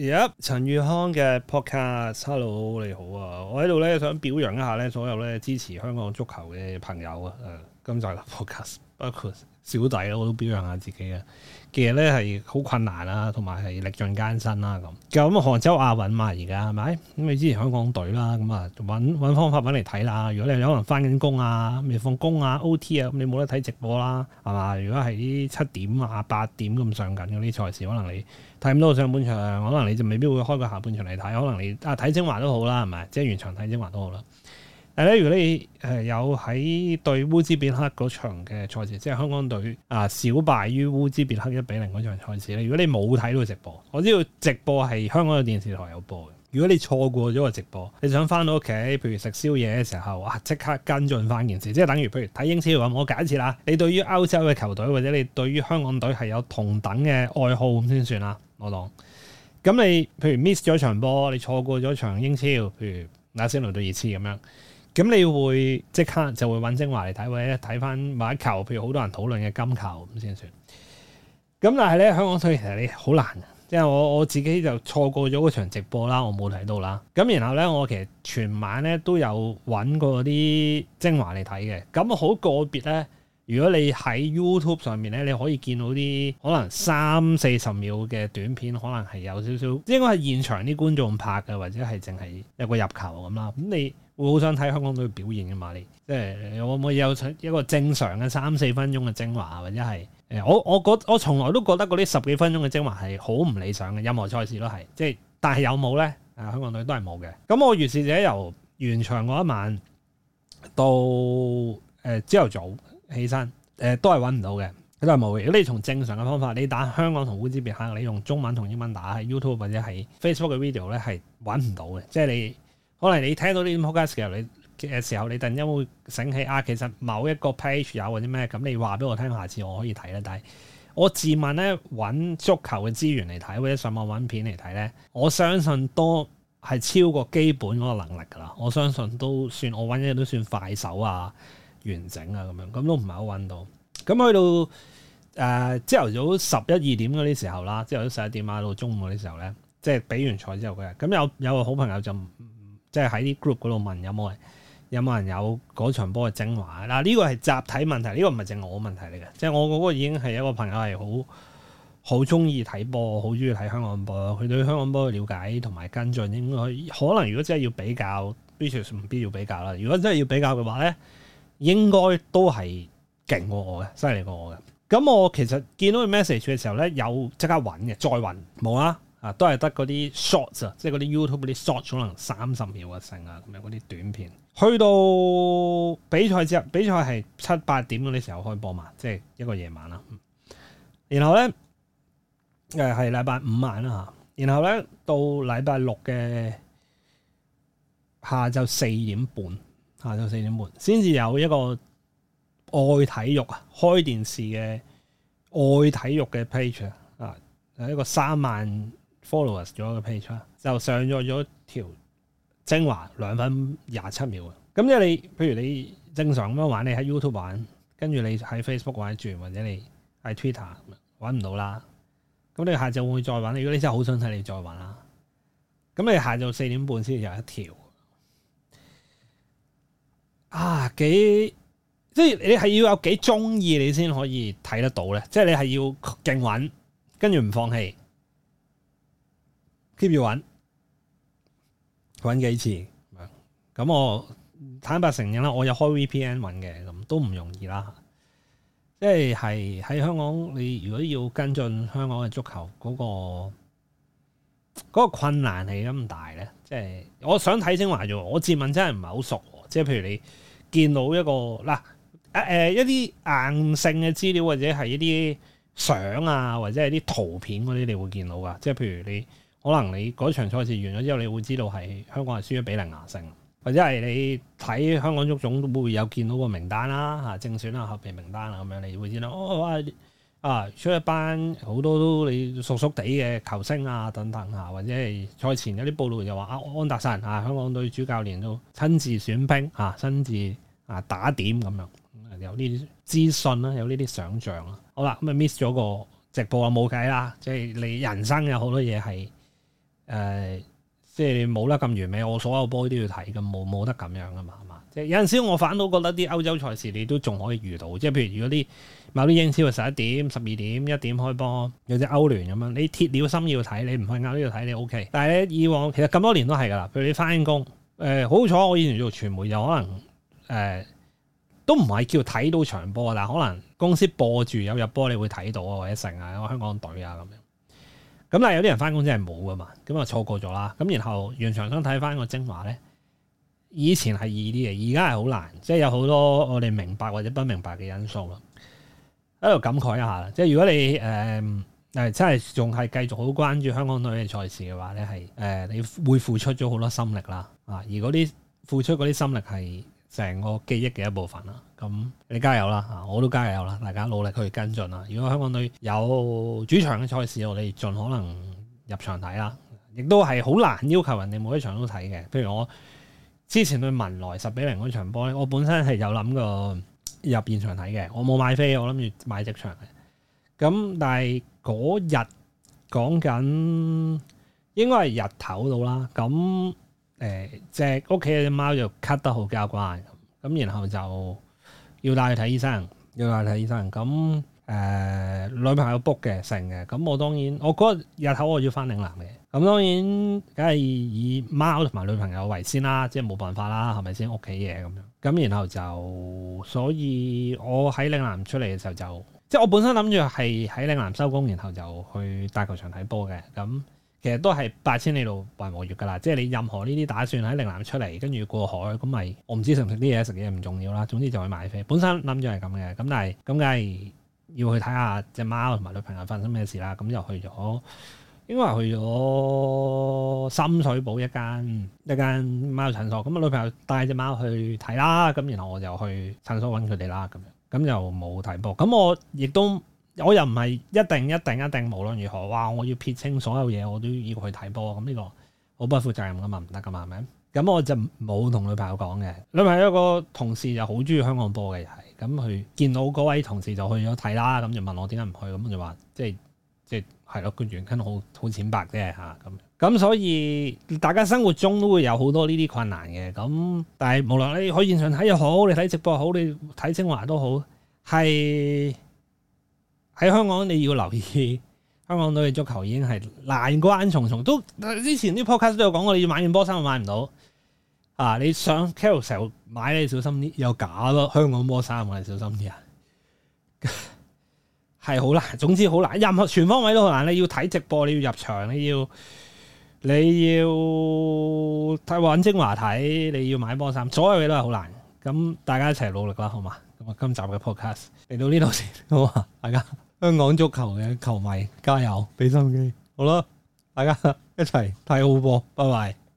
而家、yep, 陳宇康嘅 podcast，hello 你好啊，我喺度呢想表揚一下呢所有支持香港足球嘅朋友啊，誒，今集嘅 podcast。包括小弟我都表揚下自己啊！其實咧係好困難啦，同埋係歷盡艱辛啦，咁。咁杭州亞運嘛，而家係咪？咁你之前香港隊啦，咁啊揾方法揾嚟睇啦。如果你可能翻緊工啊，未放工啊，OT 啊，咁你冇得睇直播啦，係嘛？如果係啲七點啊八點咁上緊嗰啲賽事，可能你睇唔到上半場，可能你就未必會開個下半場嚟睇，可能你啊睇精華都好啦，係咪？即係完場睇精華都好啦。係咧，如果你係有喺對烏茲別克嗰場嘅賽事，即係香港隊啊小敗於烏茲別克一比零嗰場賽事咧。如果你冇睇到直播，我知道直播係香港嘅電視台有播嘅。如果你錯過咗個直播，你想翻到屋企，譬如食宵夜嘅時候，哇！即刻跟進翻件事，即係等於譬如睇英超嘅話，我假設啦，你對於歐洲嘅球隊或者你對於香港隊係有同等嘅愛好咁先算啦。我當咁你，譬如 miss 咗場波，你錯過咗場英超，譬如那斯隆對熱刺咁樣。咁你會即刻就會揾精華嚟睇，或者睇翻某一球，譬如好多人討論嘅金球咁先算。咁但係呢，香港賽其實你好難，即係我我自己就錯過咗嗰場直播啦，我冇睇到啦。咁然後呢，我其實全晚呢都有揾過啲精華嚟睇嘅，咁好個別呢。如果你喺 YouTube 上面咧，你可以見到啲可能三四十秒嘅短片，可能係有少少，應該係現場啲觀眾拍嘅，或者係淨係一個入球咁啦。咁你會好想睇香港隊表現嘅嘛？你即係我可唔可以有一個正常嘅三四分鐘嘅精華，或者係誒？我我我我從來都覺得嗰啲十幾分鐘嘅精華係好唔理想嘅，任何賽事都係。即係但係有冇呢？啊，香港隊都係冇嘅。咁我如是者由完場嗰一晚到誒朝頭早。起身，誒都係揾唔到嘅，都係冇嘅。如果你從正常嘅方法，你打香港同烏茲別克，你用中文同英文打喺 YouTube 或者喺 Facebook 嘅 video 咧，係揾唔到嘅。即係你可能你聽到呢啲 podcast 嘅時候，你突然間會醒起啊，其實某一個 page 有或者咩，咁你話俾我聽，下次我可以睇咧。但係我自問咧，揾足球嘅資源嚟睇，或者上網揾片嚟睇咧，我相信都係超過基本嗰個能力噶啦。我相信都算我揾嘢都算快手啊。完整啊，咁樣咁都唔係好揾到。咁去到誒，朝、呃、頭早十一二點嗰啲時候啦，朝頭早十一點啊，到中午嗰啲時候咧，即係比完賽之後佢啊。咁有有個好朋友就即係喺啲 group 嗰度問有冇人有冇人有嗰場波嘅精華嗱，呢個係集體問題，呢個唔係淨我問題嚟嘅。即、就、係、是、我嗰個已經係一個朋友係好好中意睇波，好中意睇香港波，佢對香港波嘅了解同埋跟進，應該可能如果真係要比較，呢條唔必要比較啦。如果真係要比較嘅話咧。應該都係勁過我嘅，犀利過我嘅。咁我其實見到佢 message 嘅時候咧，有即刻揾嘅，再揾冇啦，啊都係得嗰啲 shorts 啊，即係嗰啲 YouTube 嗰啲 shorts 可能三十秒嘅成啊，咁樣嗰啲短片。去到比賽之後，比賽係七八點嗰啲時候開播嘛，即係一個夜晚啦。嗯。然後咧，誒係禮拜五晚啦嚇。然後咧到禮拜六嘅下晝四點半，下晝四點半，先至有一個愛體育啊，開電視嘅愛體育嘅 page 啊，係一個三萬 followers 左右嘅 page 啊，就，是、就上咗咗條精華兩分廿七秒啊。咁即係你，譬如你正常咁樣玩，你喺 YouTube 玩，跟住你喺 Facebook 玩住，或者你喺 Twitter 玩唔到啦。咁你下晝會再玩，如果你真係好想睇，你再玩啦。咁你下晝四點半先至有一條。啊，幾即係你係要有幾中意你先可以睇得到咧，即係你係要勁搵，跟住唔放棄，keep 住搵，搵幾次。咁、嗯、我坦白承認啦，我有開 VPN 搵嘅，咁都唔容易啦。即係係喺香港，你如果要跟進香港嘅足球嗰、嗰個、嗰個困難係咁大咧，即係我想睇精華啫，我自問真係唔係好熟。即係譬如你見到一個嗱誒誒一啲硬性嘅資料或者係一啲相啊或者係啲圖片嗰啲你會見到噶，即係譬如你可能你嗰場賽事完咗之後，你會知道係香港係輸咗俾零壓勝，或者係你睇香港足總都會有見到個名單啦、啊、嚇、啊，正選啦、啊、後備名單啦、啊、咁樣，你會知道。哦啊，出一班好多都你熟熟哋嘅球星啊等等吓，或者係賽前有啲報道就話啊安達臣啊香港隊主教練都親自選兵啊，親自啊打點咁樣，有呢啲資訊啦，有呢啲想象啊。好啦，咁啊 miss 咗個直播啊冇計啦，即係你人生有好多嘢係誒，即係你冇得咁完美。我所有波都要睇咁冇冇得咁樣噶嘛。有陣時我反倒覺得啲歐洲賽事你都仲可以遇到，即係譬如如果啲某啲英超嘅十一點、十二點、一點開波，有隻歐聯咁樣，你鐵了心要睇，你唔瞓晏，都要睇，你 O K。但係咧，以往其實咁多年都係噶啦，譬如你翻工，誒、呃、好彩我以前做傳媒又可能誒、呃、都唔係叫睇到場波，但係可能公司播住有入波你會睇到啊，或者成啊香港隊啊咁樣。咁但係有啲人翻工真係冇噶嘛，咁啊錯過咗啦。咁然後完場想睇翻個精華咧。以前係易啲嘅，而家係好難，即係有好多我哋明白或者不明白嘅因素咯。喺度感慨一下，即係如果你誒誒、呃，真係仲係繼續好關注香港隊嘅賽事嘅話咧，係誒、呃、你會付出咗好多心力啦啊！而嗰啲付出嗰啲心力係成個記憶嘅一部分啦。咁你加油啦吓，我都加油啦，大家努力去跟進啦。如果香港隊有主場嘅賽事，我哋盡可能入場睇啦，亦都係好難要求人哋每一場都睇嘅。譬如我。之前去文萊十比零嗰場波咧，我本身係有諗過入現場睇嘅，我冇買飛，我諗住買即場嘅。咁但係嗰日講緊應該係日頭度啦，咁誒只屋企隻貓就咳得好交關，咁然後就要帶佢去睇醫生，要帶佢去睇醫生，咁。誒、呃、女朋友 book 嘅成嘅，咁我當然，我嗰日頭我要返嶺南嘅，咁當然梗係以貓同埋女朋友為先啦，即係冇辦法啦，係咪先屋企嘢咁樣？咁然後就，所以我喺嶺南出嚟嘅時候就，即係我本身諗住係喺嶺南收工，然後就去大球場睇波嘅。咁其實都係八千里路雲和月噶啦，即係你任何呢啲打算喺嶺南出嚟，跟住過海，咁咪我唔知食唔食啲嘢，食嘢唔重要啦。總之就去買飛，本身諗住係咁嘅，咁但係咁梗係。要去睇下隻貓同埋女朋友發生咩事啦，咁就去咗，應該話去咗深水埗一間一間貓診所，咁啊女朋友帶隻貓去睇啦，咁然後我就去診所揾佢哋啦，咁樣，咁又冇睇波，咁我亦都我又唔係一定一定一定無論如何，哇！我要撇清所有嘢，我都要去睇波，咁呢個好不負責任噶嘛，唔得噶嘛，係咪？咁我就冇同女朋友講嘅，女朋友有一個同事又好中意香港波嘅，又係。咁佢見到嗰位同事就去咗睇啦，咁就問我點解唔去，咁就話即係即係係咯，佢，就是就是，原因好好淺白啫嚇咁。咁、啊、所以大家生活中都會有好多呢啲困難嘅。咁但係無論你去現場睇又好，你睇直播好，你睇清華都好，係喺香港你要留意，香港隊嘅足球已經係難關重重。都之前啲 podcast 都有講過，你要買件波衫又買唔到。啊！你上 Carousell 買你小心啲，有假咯。香港波衫我哋小心啲啊，係 好難，總之好難。任何全方位都好難。你要睇直播，你要入場，你要你要睇玩精華睇，你要買波衫，所有嘢都係好難。咁大家一齊努力啦，好嘛？咁啊，今集嘅 Podcast 嚟到呢度先，好嘛？大家香港足球嘅球迷加油，俾心機，好啦，大家一齊睇好波，拜拜。